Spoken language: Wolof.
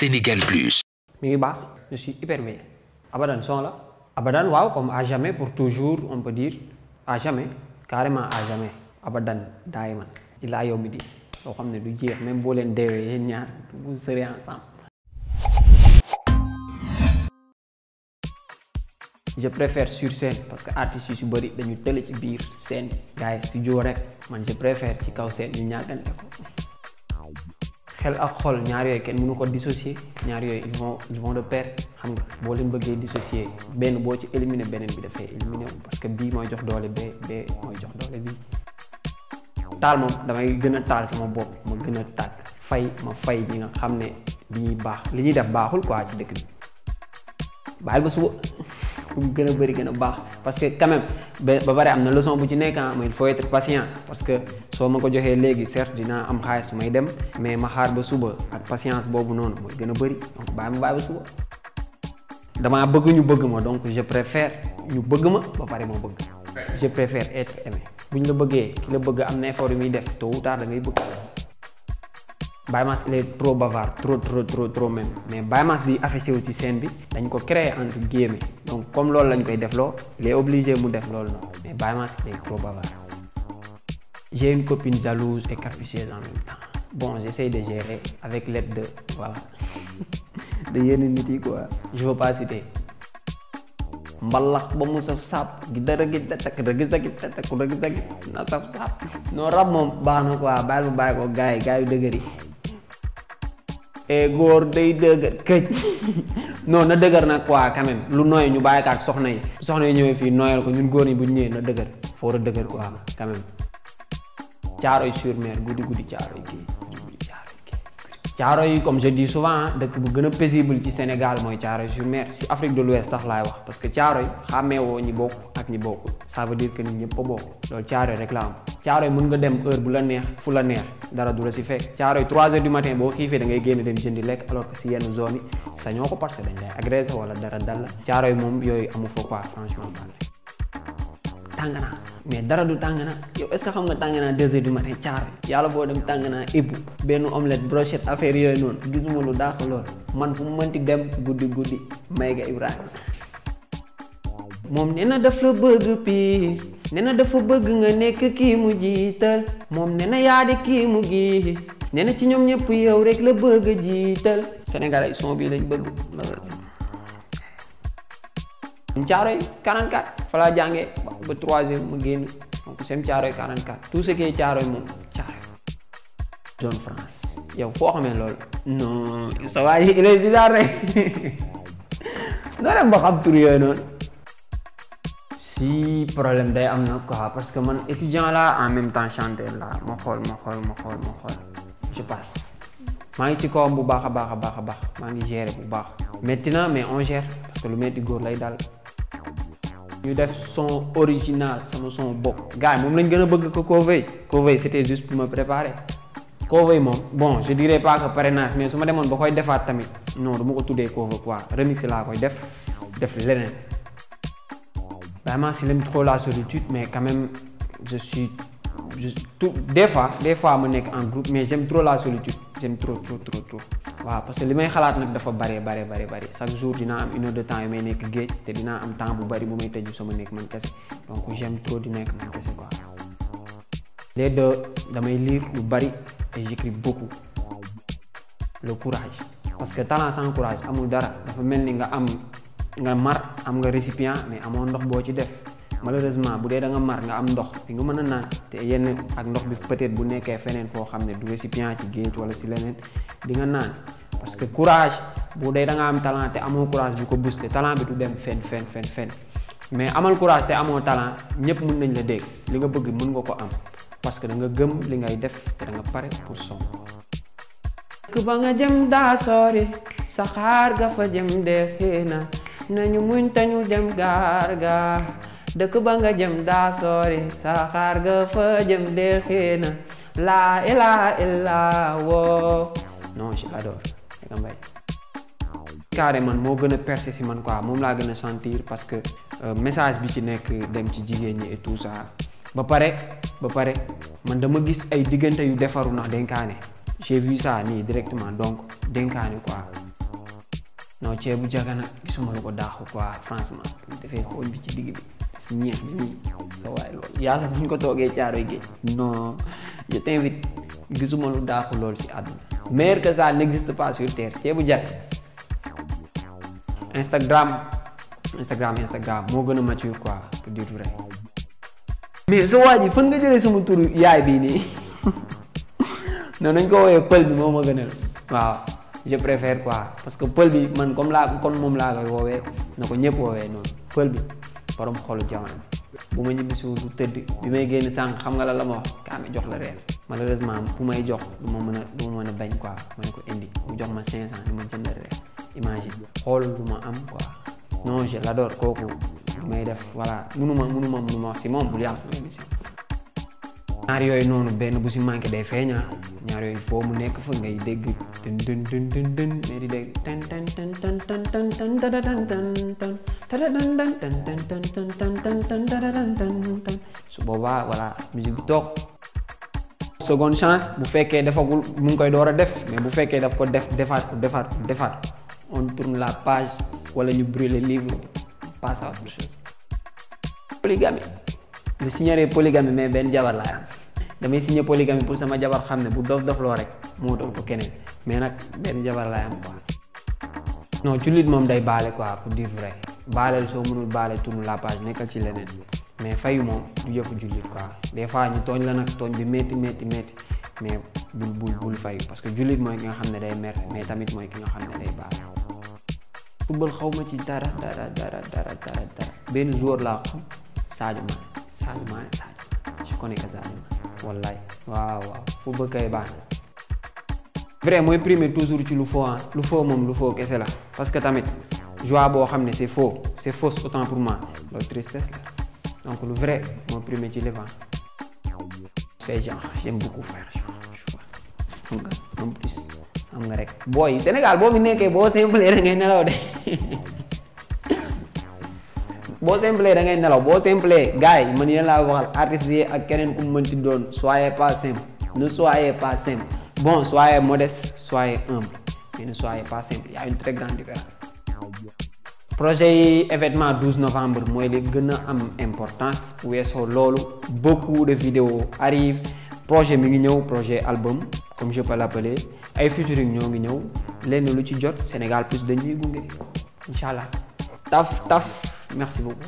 Sénégal Plus. Mi je suis hyper bien abadan son la abadan wow, comme à jamais pour toujours on peut dire à jamais carrément à jamais abadan Diamond. Il yow eu di loo On ne du dire, même si vous êtes yéen ñaar vous serez ensemble. je préfère sur scène parce que artistes yu si bëri dañu tële ci biir scène Guys, studio rec, je préfère ci kaw scène ñu ñaagante ko. xel ak xol ñaar yooyu kenn mënu ko dissocier ñaar yooyu ils vont ils vont de pair xam nga boo leen bëggee dissocier benn boo ci éliminer beneen bi dafay éliminer parce que bii mooy jox doole bee bee mooy jox doole bii. taal moom damay gën a taal sama bopp ma gën a taal fay ma fay ñi nga xam ne li ñuy baax li ñuy def baaxul quoi ci dëkk bi bàyyi ko suba. pour mu gën a bëri gën a baax parce que quand même ba pare am na leçon bu ci nekk ah mais il faut être patient parce que soo ma ko joxee léegi certes dinaa am xaalis su may dem mais ma xaar ba suba ak patience boobu noonu mooy gën a bëri donc bàyyi ma bàyyi ba suba dama bëgg ñu bëgg ma donc je préfère ñu bëgg ma ba pare ma bëgg je préfère être aimé bu ñu la bëggee ki la bëgg am na effort yu muy def tôt ou tard da ngay bëgg Baye il est trop bavard trop trop trop trop même mais Baye bi affiché aussi scène bi dañ ko créer entre guillemets donc comme loolu lañ koy def lo, il est obligé mu def loolu non. mais Baye il est trop bavard. j'ai une copine jalouse et capricieuse en même temps bon j'essaye de gérer avec l'aide de voilà. de yenn nit yi quoi. je veux pas citer. mbalax ba mu saf sap, gi dara gi tatak rëgg sagit tatak rëgg sagit na saf ça. non rab moom baax quoi bàyyi ma bàyyi ko gay, gay gars e góor day dëgër këj non na dëgër nag quoi quand même lu nooy ñu bàyyi ak soxna yi soxna yi ñëwee fii nooyal ko ñun góor ñi bu ñu ñëwee na dëgër foo war a dëgër quoi quand même caaroy sur guddi guddi caaroy kii caaro yi comme je dis souvent ah, dëkk bu gën a paisible ci Sénégal mooy caaro yi sur mer si Afrique de l'Ouest sax laay wax parce que caaro yi xàmmee ñi bokk ak ñi bokku ça veut dire que ñi ñëpp a bokk loolu caaroy rek la am caaroy mën nga dem heure bu la neex fu la neex dara du la si fekk caaroy 3 h du matin bo xifé da ngay génn dem jëndi lek alors que ci yenn zone yi sañoo ko parce dañ lay agresser wala dara dal la caaroy moom yooyu amu fo quoi franchement man tangana mais dara du tangana yow est ce que xam nga tangana 2h du matin caar yàlla bo dem tangana ibu ben omelette brochette affaire yoy non gisuma lu dakh loolu man fu mu mënti dem goudi goudi may ga ibrahima moom nee na daf la bëgg dafa bëgg nga nekk kii mu jiital moom nee na yaa di kii mu gis nee na ci ñoom ñëpp yow rek la bëgg jiital Sénégal ay son bii lañ bëgg Caaroy 44 fa laa jàngee ba troisième mu génn donc sem Caaroy 44 tout ce qui est Caaroy moom Caaroy France yow foo xamee loolu non sa waay il est rek doo dem ba xam tur yooyu noonu si problème day amna na quoi parce que man étudiant là en même temps chanteur là mo xol mo xol mo xol mo xol je passe ma ngi ci kawam bu baax a baax a baax a ngi gérer bu baax métti mais on gère parce que lu métti góor lay dal ñu def son original sama son bok gars yi moom lañ gëna bëgg ko Covey Covey c'était juste pour me préparer Covey mom bon je dirais pas que parrainage mais suma démon demoon defat tamit non du ko tuddee Covey quoi remix la koy def def lenen Vraiment, s'il trop la solitude, mais quand même, je suis. des fois, des fois, je suis en groupe, mais j'aime trop la solitude. J'aime trop, trop, trop, trop. parce que nak dafa bari bari bari bari chaque jour dina am une heure de temps yu may te dina am temps bu bari bu may sama nek man donc j'aime trop di man les deux damay lire et j'écris beaucoup le courage parce que talent sans courage dara nga mar am nga récipient mais amo ndox bo ci def malheureusement bu dee da nga mar nga am ndox fi nga mëna nan té te yenn ak ndox bi peut-être bu nekkee fenen fo xamné ne du récipient ci géej wala ci leneen di nga nan parce que courage bu da nga am talent té amo courage bi ko boosté talent bi du dem fen fen fen fen mais amal courage te amo talent ñepp mën nañ la dégg li nga bëgg mën nga ko am parce que da nga gëm li ngay def da nga pare pour son ku ba nga jëm daa sori xaar ga fa jëm def nañu muñ tañu dem gaar ga dëkk ba nga jëm daa sori saxaar ga fa jëm dee xéena laa ilaha illa woo non je l'adore Ngaaka Mbaye carré man moo gën a percé si man quoi moom laa gën a sentir parce que euh, message bi ci nekk dem ci jigéen ñi et tout ça ba pare ba pare man dama gis ay diggante yu defaru ndax dénkaane j'ai vu ça nii directement donc dénkaane quoi non ceebu jaga nag gisuma lu ko daaxu quoi franchement dafay xool bi ci digg bi daf nii sa waay loolu yàlla buñ ko toogee caaroy gi non je t'invite gisuma lu daaxu loolu si a mature quoi pour dire vrai mais sa waa ji fan nga jëlee sama nañ ko woowee pël bi moo ma gënal waaw je préfère quoi parce que pël bi man comme laa kon moom laa koy woowee na ko ñëpp woowee noonu pël bi borom xolu jamono bu ma ñibbi suuf tëdd bi may génn sànq xam nga la la ma wax kaame jox la reer malheureusement bu may jox du ma mën a du bañ quoi ma ne ko indi mu jox ma 500 ni ma jënd reer imagine xool lu ma am quoi non je l'adore kooku may def voilà munuma munuma munuma wax si moom bul yàq sama émission. ñaar yooyu noonu benn bu si manqué day feeñaa mu nekk fa ngay dégg. dun dun dun dun dun मेरी देख टन टन टन टन टन टन seconde chance bu fekkee defagul mu ngoy doora def mais bu fekke daf ko def defat, defat, defat. on tourne la page wala ñu brûler livre passe à autre chose polygamie le signaler polygamie mais ben jabar la damay signé polygamie pour sama jabar xam ne bu dof dof loo rek moo topp keneen mais nag benn jabar laay am quoi. non jullit moom day baale quoi pour dire vrai baaleel soo mënul baale tourne la page nekkal ci leneen mais fayu moom du yëfu jullit quoi des fois ñu tooñ la nag tooñ bi métti métti mais bul bul bul fayu parce que jullit mooy ki nga xam ne day mer mais tamit mooy ki nga xam ne day baale. football xaw ma ci dara dara dara dara dara benn joueur laa wallaay waaw waaw fu bëkkay baax na vrai mooy primer toujours ci lu faux ah lu faux moom lu faux kese la parce que tamit joie boo xam ne c'est faux c'est fausse autant pour moi loolu tristesse la donc lu vrai mooy primer ci levant c'est genre j'aime beaucoup faire xam nga en plus xam nga rek booy Sénégal boo fi nekkee boo simple da ngay nelaw de boo simple da ngay nelaw boo simple gars yi man yéen laa waxal yi ak keneen ku mënti doon soyez pas simple ne soyez pas simple bon soyez modeste soyez humble mais ne soyez pas simple Il y a une très grande différence. projet événement 12 novembre mooy li gën a am importance loolu beaucoup de vidéos arrivent projet mi ngi projet album comme je peux l'appeler ay featuring ñoo ngi ñëw lenn lu ci jot Sénégal plus dañuy gunge incha taf taf. Merci beaucoup.